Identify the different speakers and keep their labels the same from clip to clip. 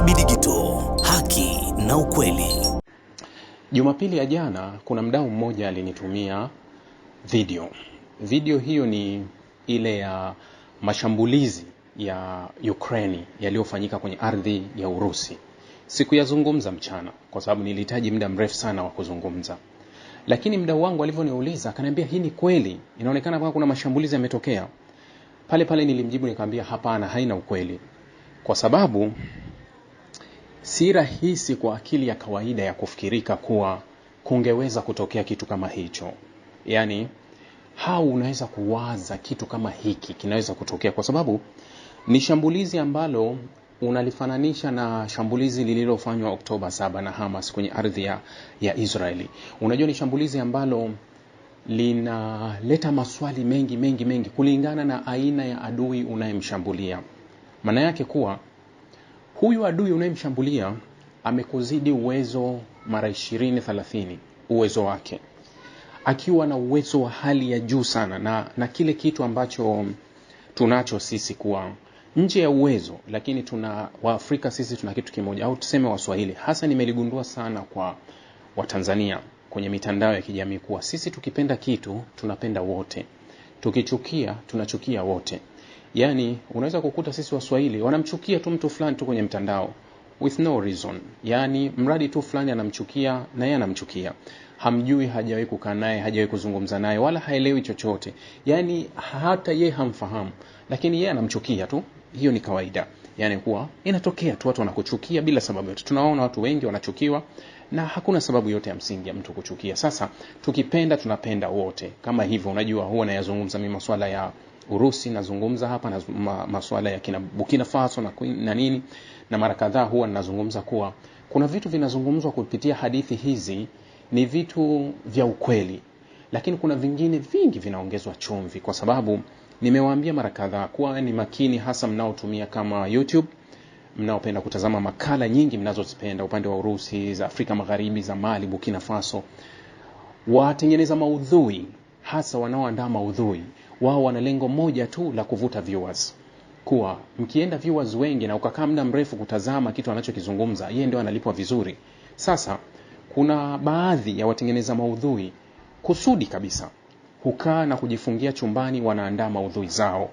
Speaker 1: Tashbi Digital, haki na ukweli. Jumapili ya jana, kuna mdau mmoja alinitumia video. Video hiyo ni ile ya mashambulizi ya Ukraine yaliyofanyika kwenye ardhi ya Urusi. Sikuyazungumza mchana kwa sababu nilihitaji muda mrefu sana wa kuzungumza, lakini mdau wangu alivyoniuliza akaniambia, hii ni kweli, inaonekana kama kuna mashambulizi yametokea pale pale. Nilimjibu nikamwambia, hapana, haina ukweli kwa sababu si rahisi kwa akili ya kawaida ya kufikirika kuwa kungeweza kutokea kitu kama hicho yaani hau unaweza kuwaza kitu kama hiki kinaweza kutokea kwa sababu ni shambulizi ambalo unalifananisha na shambulizi lililofanywa oktoba saba na hamas kwenye ardhi ya, ya israeli unajua ni shambulizi ambalo linaleta maswali mengi mengi mengi kulingana na aina ya adui unayemshambulia maana yake kuwa Huyu adui unayemshambulia amekuzidi uwezo mara 20 30 uwezo wake, akiwa na uwezo wa hali ya juu sana, na, na kile kitu ambacho tunacho sisi kuwa nje ya uwezo, lakini tuna Waafrika sisi tuna kitu kimoja, au tuseme Waswahili hasa, nimeligundua sana kwa Watanzania kwenye mitandao ya kijamii kuwa sisi tukipenda kitu tunapenda wote, tukichukia tunachukia wote. Yaani unaweza kukuta sisi Waswahili wanamchukia tu mtu fulani tu kwenye mtandao with no reason, yaani mradi tu fulani anamchukia na yeye anamchukia, hamjui, hajawahi kukaa naye, hajawahi kuzungumza naye, wala haelewi chochote, yaani hata yeye hamfahamu, lakini yeye anamchukia tu. Hiyo ni kawaida, yaani kuwa inatokea tu watu wanakuchukia bila sababu yote. Tunaona watu wengi wanachukiwa na hakuna sababu yote ya msingi ya mtu kuchukia. Sasa tukipenda tunapenda wote kama hivyo, unajua, huwa nayazungumza mimi masuala ya Urusi, nazungumza hapa na ma, masuala ya kina Burkina Faso na, na nini na mara kadhaa huwa ninazungumza kuwa kuna vitu vinazungumzwa kupitia hadithi hizi ni vitu vya ukweli, lakini kuna vingine vingi vinaongezwa chumvi, kwa sababu nimewaambia mara kadhaa kuwa ni makini, hasa mnaotumia kama YouTube, mnaopenda kutazama makala nyingi mnazozipenda upande wa Urusi, za Afrika Magharibi, za Mali, Burkina Faso, watengeneza maudhui hasa wanaoandaa maudhui wao wana lengo moja tu la kuvuta viewers kuwa mkienda viewers wengi na ukakaa muda mrefu kutazama kitu anachokizungumza yeye ndio analipwa vizuri sasa kuna baadhi ya watengeneza maudhui kusudi kabisa hukaa na kujifungia chumbani wanaandaa maudhui zao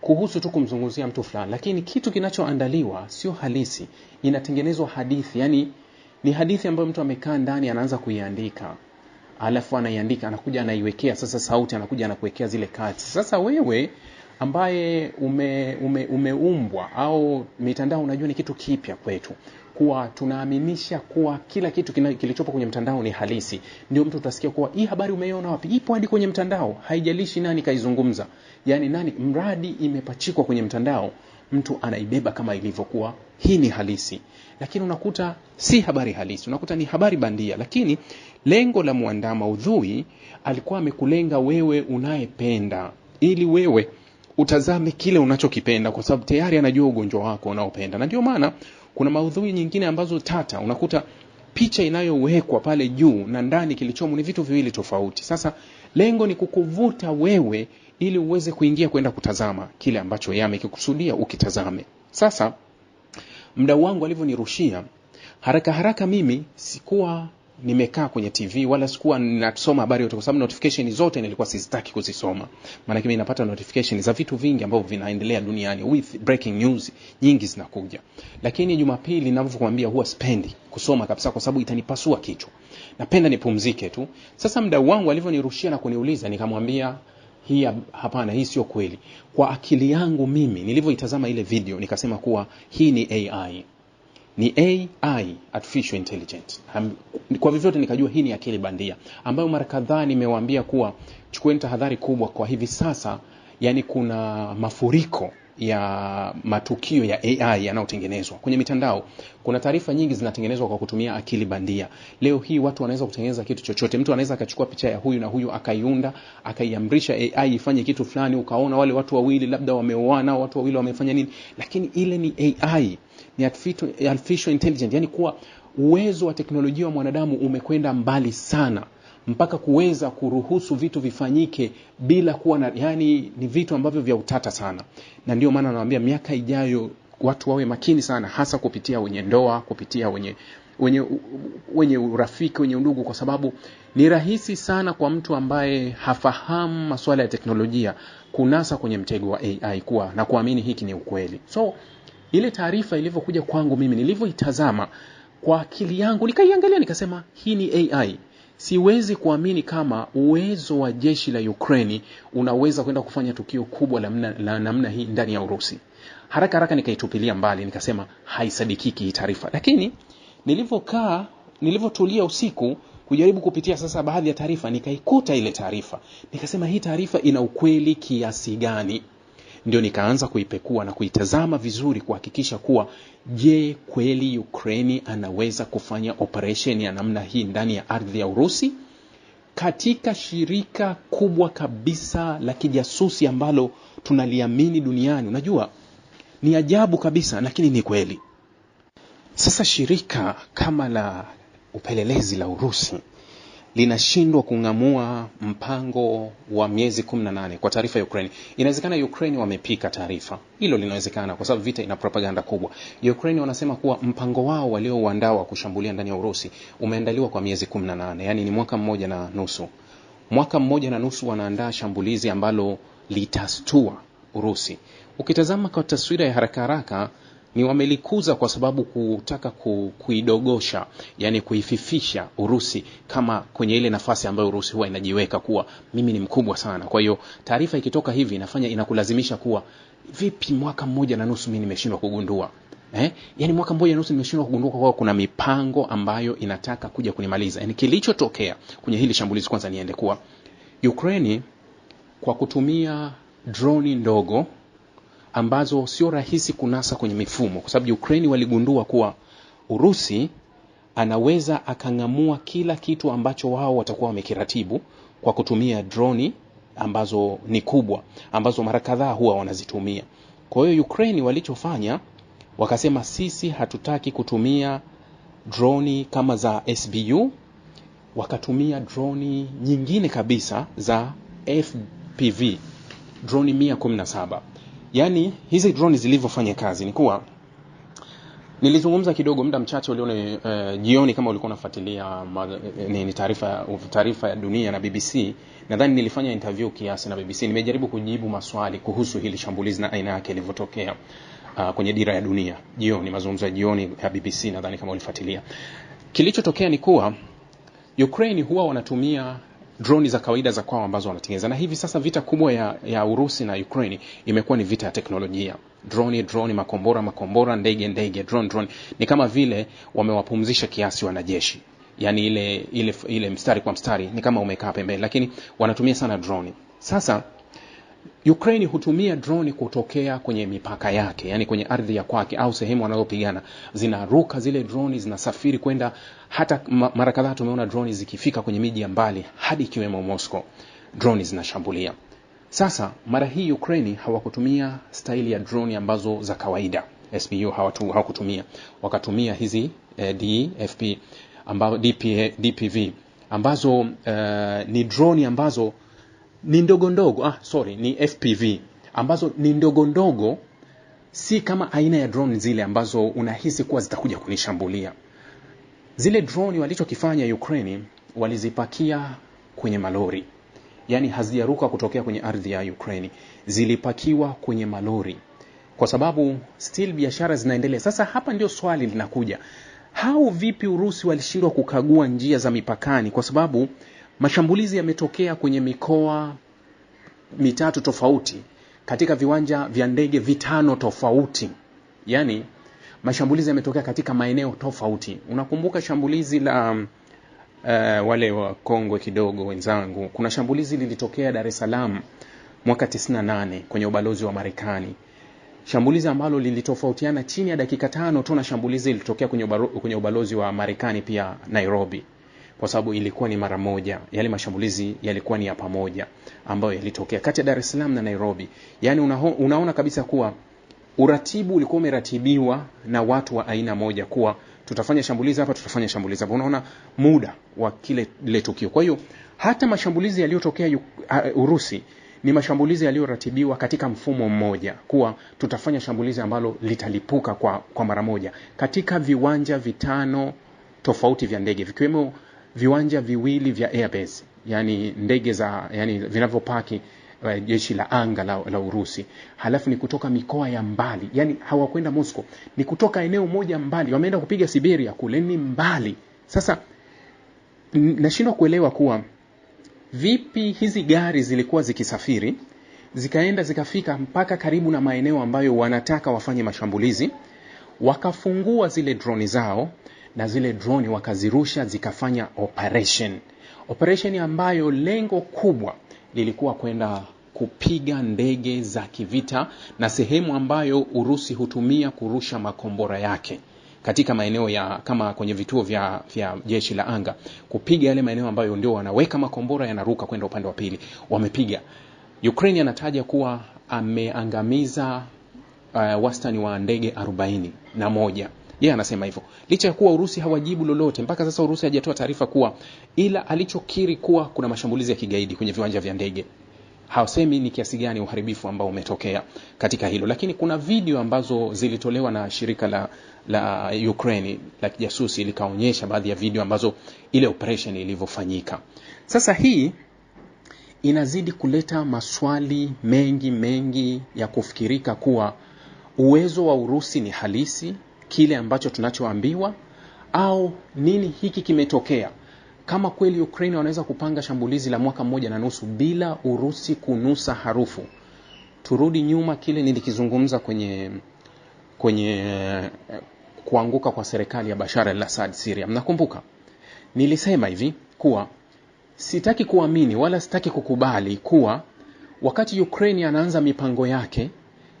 Speaker 1: kuhusu tu kumzungumzia mtu fulani lakini kitu kinachoandaliwa sio halisi inatengenezwa hadithi yani ni hadithi ambayo mtu amekaa ndani anaanza kuiandika alafu anaiandika anakuja anaiwekea sasa sauti anakuja anakuwekea zile kati sasa wewe ambaye ume, ume, umeumbwa au mitandao unajua ni kitu kipya kwetu kuwa tunaaminisha kuwa kila kitu kilichopo kwenye mtandao ni halisi ndio mtu utasikia kuwa hii habari umeiona wapi ipo hadi kwenye mtandao haijalishi nani kaizungumza yani nani mradi imepachikwa kwenye mtandao mtu anaibeba kama ilivyokuwa hii ni halisi lakini unakuta si habari halisi unakuta ni habari bandia lakini lengo la mwandaa maudhui alikuwa amekulenga wewe unayependa ili wewe utazame kile unachokipenda kwa sababu tayari anajua ugonjwa wako unaopenda na ndio maana kuna maudhui nyingine ambazo tata unakuta picha inayowekwa pale juu na ndani kilichomo ni vitu viwili tofauti sasa lengo ni kukuvuta wewe ili uweze kuingia kwenda kutazama kile ambacho yamekikusudia ukitazame. Sasa mdau wangu alivyonirushia haraka haraka, mimi sikuwa nimekaa kwenye TV wala sikuwa ninasoma habari yote, kwa sababu notification zote nilikuwa sizitaki kuzisoma. Maana mimi napata notification za vitu vingi ambavyo vinaendelea duniani, with breaking news nyingi zinakuja. Lakini Jumapili ninavyokuambia, huwa spendi kusoma kabisa, kwa sababu itanipasua kichwa. Napenda nipumzike tu. Sasa mdau wangu alivyonirushia na kuniuliza, nikamwambia hii hapana, hii sio kweli. Kwa akili yangu mimi nilivyoitazama ile video nikasema kuwa hii ni AI, ni AI, artificial intelligence. Kwa vyovyote nikajua hii ni akili bandia ambayo mara kadhaa nimewaambia kuwa chukueni tahadhari kubwa kwa hivi sasa, yani kuna mafuriko ya matukio ya AI yanayotengenezwa kwenye mitandao. Kuna taarifa nyingi zinatengenezwa kwa kutumia akili bandia. Leo hii watu wanaweza kutengeneza kitu chochote. Mtu anaweza akachukua picha ya huyu na huyu akaiunda, akaiamrisha AI ifanye kitu fulani, ukaona wale watu wawili labda wameuana, watu wawili wamefanya nini, lakini ile ni AI, ni artificial intelligence, yani kuwa uwezo wa teknolojia wa mwanadamu umekwenda mbali sana mpaka kuweza kuruhusu vitu vifanyike bila kuwa na, yani ni vitu ambavyo vya utata sana, na ndio maana nawaambia miaka ijayo watu wawe makini sana, hasa kupitia wenye ndoa, kupitia wenye wenye wenye urafiki, wenye undugu, kwa sababu ni rahisi sana kwa mtu ambaye hafahamu masuala ya teknolojia kunasa kwenye mtego wa AI kuwa na kuamini hiki ni ukweli. So ile taarifa ilivyokuja kwangu mimi, nilivyoitazama kwa akili yangu, nikaiangalia, nikasema hii ni AI. Siwezi kuamini kama uwezo wa jeshi la Ukraini unaweza kwenda kufanya tukio kubwa la, la namna hii ndani ya Urusi. Haraka haraka nikaitupilia mbali, nikasema haisadikiki hii taarifa, lakini nilivyokaa, nilivyotulia usiku kujaribu kupitia sasa baadhi ya taarifa, nikaikuta ile taarifa, nikasema hii taarifa ina ukweli kiasi gani? ndio nikaanza kuipekua na kuitazama vizuri kuhakikisha kuwa je, kweli Ukraini anaweza kufanya operesheni ya namna hii ndani ya ardhi ya Urusi katika shirika kubwa kabisa la kijasusi ambalo tunaliamini duniani. Unajua, ni ajabu kabisa, lakini ni kweli. Sasa shirika kama la upelelezi la Urusi linashindwa kung'amua mpango wa miezi 18 kwa taarifa ya Ukraine. Inawezekana Ukraine wamepika taarifa, hilo linawezekana kwa sababu vita ina propaganda kubwa. Ukraine wanasema kuwa mpango wao waliouandaa wa kushambulia ndani ya Urusi umeandaliwa kwa miezi 18, yani ni mwaka mmoja na nusu. Mwaka mmoja na nusu wanaandaa shambulizi ambalo litastua Urusi. Ukitazama kwa taswira ya haraka haraka ni wamelikuza kwa sababu kutaka ku, kuidogosha yani kuififisha Urusi kama kwenye ile nafasi ambayo Urusi huwa inajiweka kuwa mimi ni mkubwa sana. Kwa hiyo taarifa ikitoka hivi inafanya inakulazimisha kuwa vipi, mwaka mmoja na nusu mimi nimeshindwa kugundua Eh, yani mwaka mmoja nusu nimeshindwa kugundua kwa kuna mipango ambayo inataka kuja kunimaliza. Yani kilichotokea kwenye hili shambulizi, kwanza niende kuwa Ukraine kwa kutumia droni ndogo ambazo sio rahisi kunasa kwenye mifumo, kwa sababu Ukraine waligundua kuwa Urusi anaweza akang'amua kila kitu ambacho wao watakuwa wamekiratibu kwa kutumia droni ambazo ni kubwa, ambazo mara kadhaa huwa wanazitumia. Kwa hiyo Ukraine walichofanya wakasema, sisi hatutaki kutumia droni kama za SBU, wakatumia droni nyingine kabisa za FPV, droni Yaani hizi drone zilivyofanya kazi ni kuwa nilizungumza kidogo muda mchache ulione uh, jioni kama ulikuwa unafuatilia eh, ni taarifa taarifa ya dunia na BBC. Nadhani nilifanya interview kiasi na BBC, nimejaribu kujibu maswali kuhusu hili shambulizi na aina yake ilivyotokea uh, kwenye dira ya dunia jioni, mazungumzo ya jioni ya BBC, nadhani kama ulifuatilia. Kilichotokea ni kuwa Ukraine huwa wanatumia droni za kawaida za kwao ambazo wanatengeneza. Na hivi sasa vita kubwa ya, ya Urusi na Ukraini imekuwa ni vita ya teknolojia droni droni, makombora makombora, ndege ndege, drone drone. Ni kama vile wamewapumzisha kiasi wanajeshi yani ile, ile, ile mstari kwa mstari ni kama umekaa pembeni, lakini wanatumia sana droni sasa Ukraine hutumia droni kutokea kwenye mipaka yake, yani kwenye ardhi ya kwake au sehemu wanazopigana, zinaruka zile droni, zinasafiri kwenda hata mara kadhaa tumeona droni zikifika kwenye miji ya mbali hadi ikiwemo Moscow, droni zinashambulia. Sasa mara hii Ukraine hawakutumia staili ya droni ambazo za kawaida SBU hawatu, hawakutumia, wakatumia hizi eh, DFP ambazo DPA, DPV ambazo eh, ni droni ambazo ni ndogo ndogo ah, sorry ni FPV ambazo ni ndogo ndogo, si kama aina ya drone zile ambazo unahisi kuwa zitakuja kunishambulia. Zile drone walichokifanya Ukraine, walizipakia kwenye malori, yaani hazijaruka kutokea kwenye ardhi ya Ukraine, zilipakiwa kwenye malori kwa sababu still biashara zinaendelea. Sasa hapa ndio swali linakuja, hao vipi Urusi walishindwa kukagua njia za mipakani? Kwa sababu Mashambulizi yametokea kwenye mikoa mitatu tofauti katika viwanja vya ndege vitano tofauti, yaani mashambulizi yametokea katika maeneo tofauti. Unakumbuka shambulizi la uh, wale wa Kongwe kidogo wenzangu, kuna shambulizi lilitokea Dar es Salaam mwaka 98 kwenye ubalozi wa Marekani, shambulizi ambalo lilitofautiana chini ya dakika tano tu na shambulizi lilitokea kwenye ubalozi wa Marekani pia Nairobi kwa sababu ilikuwa ni mara moja. Yale mashambulizi yalikuwa ni ya pamoja ambayo yalitokea kati ya Dar es Salaam na Nairobi. Yaani unaho, unaona kabisa kuwa uratibu ulikuwa umeratibiwa na watu wa aina moja, kuwa tutafanya shambulizi hapa, tutafanya shambulizi hapa. Unaona muda wa kile lile tukio. Kwa hiyo hata mashambulizi yaliyotokea uh, Urusi ni mashambulizi yaliyoratibiwa katika mfumo mmoja, kuwa tutafanya shambulizi ambalo litalipuka kwa, kwa mara moja katika viwanja vitano tofauti vya ndege vikiwemo uh, viwanja viwili vya airbase, yani ndege za yani vinavyopaki uh, jeshi la anga la, la Urusi, halafu ni kutoka mikoa ya mbali, yani hawakwenda Moscow, ni kutoka eneo moja mbali, wameenda kupiga Siberia kule, ni mbali. Sasa nashindwa kuelewa kuwa vipi hizi gari zilikuwa zikisafiri zikaenda zikafika mpaka karibu na maeneo ambayo wanataka wafanye mashambulizi, wakafungua zile droni zao na zile droni wakazirusha zikafanya operation operation ambayo lengo kubwa lilikuwa kwenda kupiga ndege za kivita na sehemu ambayo Urusi hutumia kurusha makombora yake katika maeneo ya kama kwenye vituo vya, vya jeshi la anga kupiga yale maeneo ambayo ndio wanaweka makombora yanaruka kwenda upande wa pili. Wamepiga Ukraine, anataja kuwa ameangamiza uh, wastani wa ndege 4 na moja yeye anasema hivyo licha ya kuwa Urusi hawajibu lolote mpaka sasa. Urusi hajatoa taarifa kuwa, ila alichokiri kuwa kuna mashambulizi ya kigaidi kwenye viwanja vya ndege. Hawasemi ni kiasi gani uharibifu ambao umetokea katika hilo, lakini kuna video ambazo zilitolewa na shirika la la Ukraine la kijasusi likaonyesha baadhi ya video ambazo ile operation ilivyofanyika. Sasa hii inazidi kuleta maswali mengi mengi ya kufikirika kuwa uwezo wa Urusi ni halisi kile ambacho tunachoambiwa au nini hiki kimetokea kama kweli Ukraine wanaweza kupanga shambulizi la mwaka mmoja na nusu bila Urusi kunusa harufu. Turudi nyuma, kile nilikizungumza kwenye kwenye eh, kuanguka kwa serikali ya Bashar al-Assad Syria. Mnakumbuka nilisema hivi kuwa sitaki kuamini wala sitaki kukubali kuwa wakati Ukraine anaanza mipango yake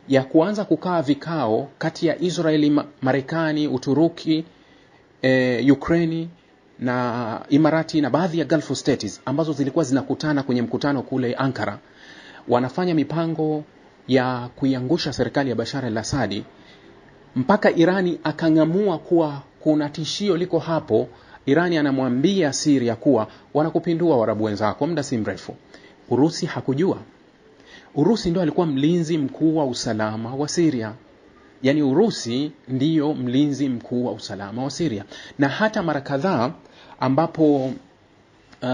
Speaker 1: ya kuanza kukaa vikao kati ya Israeli, Marekani, Uturuki, e, Ukraini na Imarati na baadhi ya Gulf states ambazo zilikuwa zinakutana kwenye mkutano kule Ankara, wanafanya mipango ya kuiangusha serikali ya Bashar al-Assad mpaka Irani akang'amua kuwa kuna tishio liko hapo. Irani anamwambia Siria kuwa wanakupindua Waarabu wenzako muda si mrefu. Urusi hakujua. Urusi ndo alikuwa mlinzi mkuu wa usalama wa Syria. Yaani Urusi ndiyo mlinzi mkuu wa usalama wa Syria, na hata mara kadhaa ambapo Uh,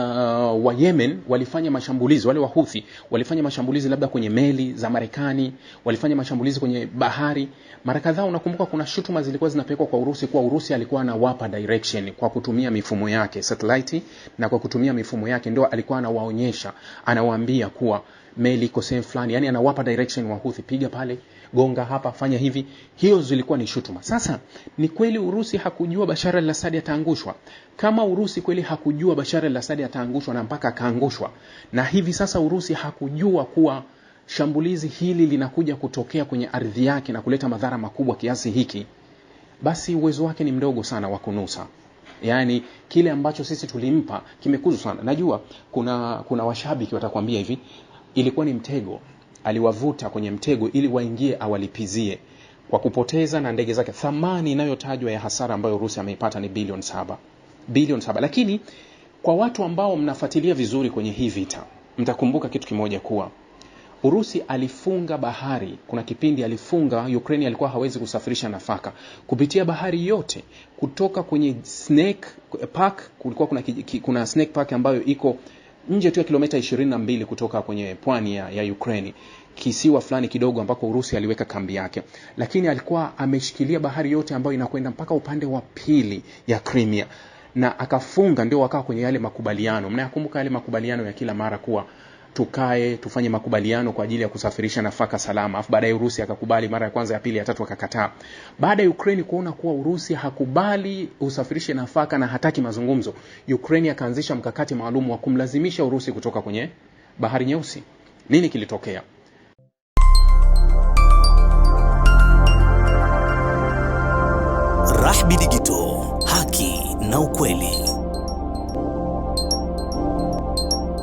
Speaker 1: wa Yemen walifanya mashambulizi, wale Wahuthi walifanya mashambulizi labda kwenye meli za Marekani, walifanya mashambulizi kwenye bahari. Mara kadhaa unakumbuka kuna shutuma zilikuwa zinapelekwa kwa Urusi kuwa Urusi alikuwa anawapa direction kwa kutumia mifumo yake satellite, na kwa kutumia mifumo yake ndio alikuwa anawaonyesha, anawaambia kuwa meli iko sehemu fulani yani anawapa direction wahuthi piga pale gonga hapa fanya hivi hiyo zilikuwa ni shutuma sasa ni kweli urusi hakujua bashara al asadi ataangushwa kama urusi kweli hakujua bashara al asadi ataangushwa na mpaka akaangushwa na hivi sasa urusi hakujua kuwa shambulizi hili linakuja kutokea kwenye ardhi yake na kuleta madhara makubwa kiasi hiki basi uwezo wake ni mdogo sana wa kunusa yaani kile ambacho sisi tulimpa kimekuzwa sana najua kuna kuna washabiki watakwambia hivi ilikuwa ni mtego, aliwavuta kwenye mtego ili waingie awalipizie kwa kupoteza na ndege zake. Thamani inayotajwa ya hasara ambayo Urusi ameipata ni bilioni saba, bilioni saba. Lakini kwa watu ambao mnafuatilia vizuri kwenye hii vita, mtakumbuka kitu kimoja kuwa Urusi alifunga bahari. Kuna kipindi alifunga, Ukraine alikuwa hawezi kusafirisha nafaka kupitia bahari yote kutoka kwenye Snake eh, Park. Kulikuwa kuna, kuna Snake Park ambayo iko nje tu ya kilomita 22 kutoka kwenye pwani ya, ya Ukraine, kisiwa fulani kidogo ambako Urusi aliweka kambi yake, lakini alikuwa ameshikilia bahari yote ambayo inakwenda mpaka upande wa pili ya Crimea na akafunga, ndio wakawa kwenye yale makubaliano. Mnayakumbuka yale makubaliano ya kila mara kuwa tukae tufanye makubaliano kwa ajili ya kusafirisha nafaka salama, afu baadaye Urusi akakubali mara ya kwanza, ya pili, ya tatu akakataa. Baada ya Ukraine kuona kuwa Urusi hakubali usafirishe nafaka na hataki mazungumzo, Ukraine akaanzisha mkakati maalum wa kumlazimisha Urusi kutoka kwenye Bahari Nyeusi. Nini kilitokea? Rahby Digital, haki na ukweli.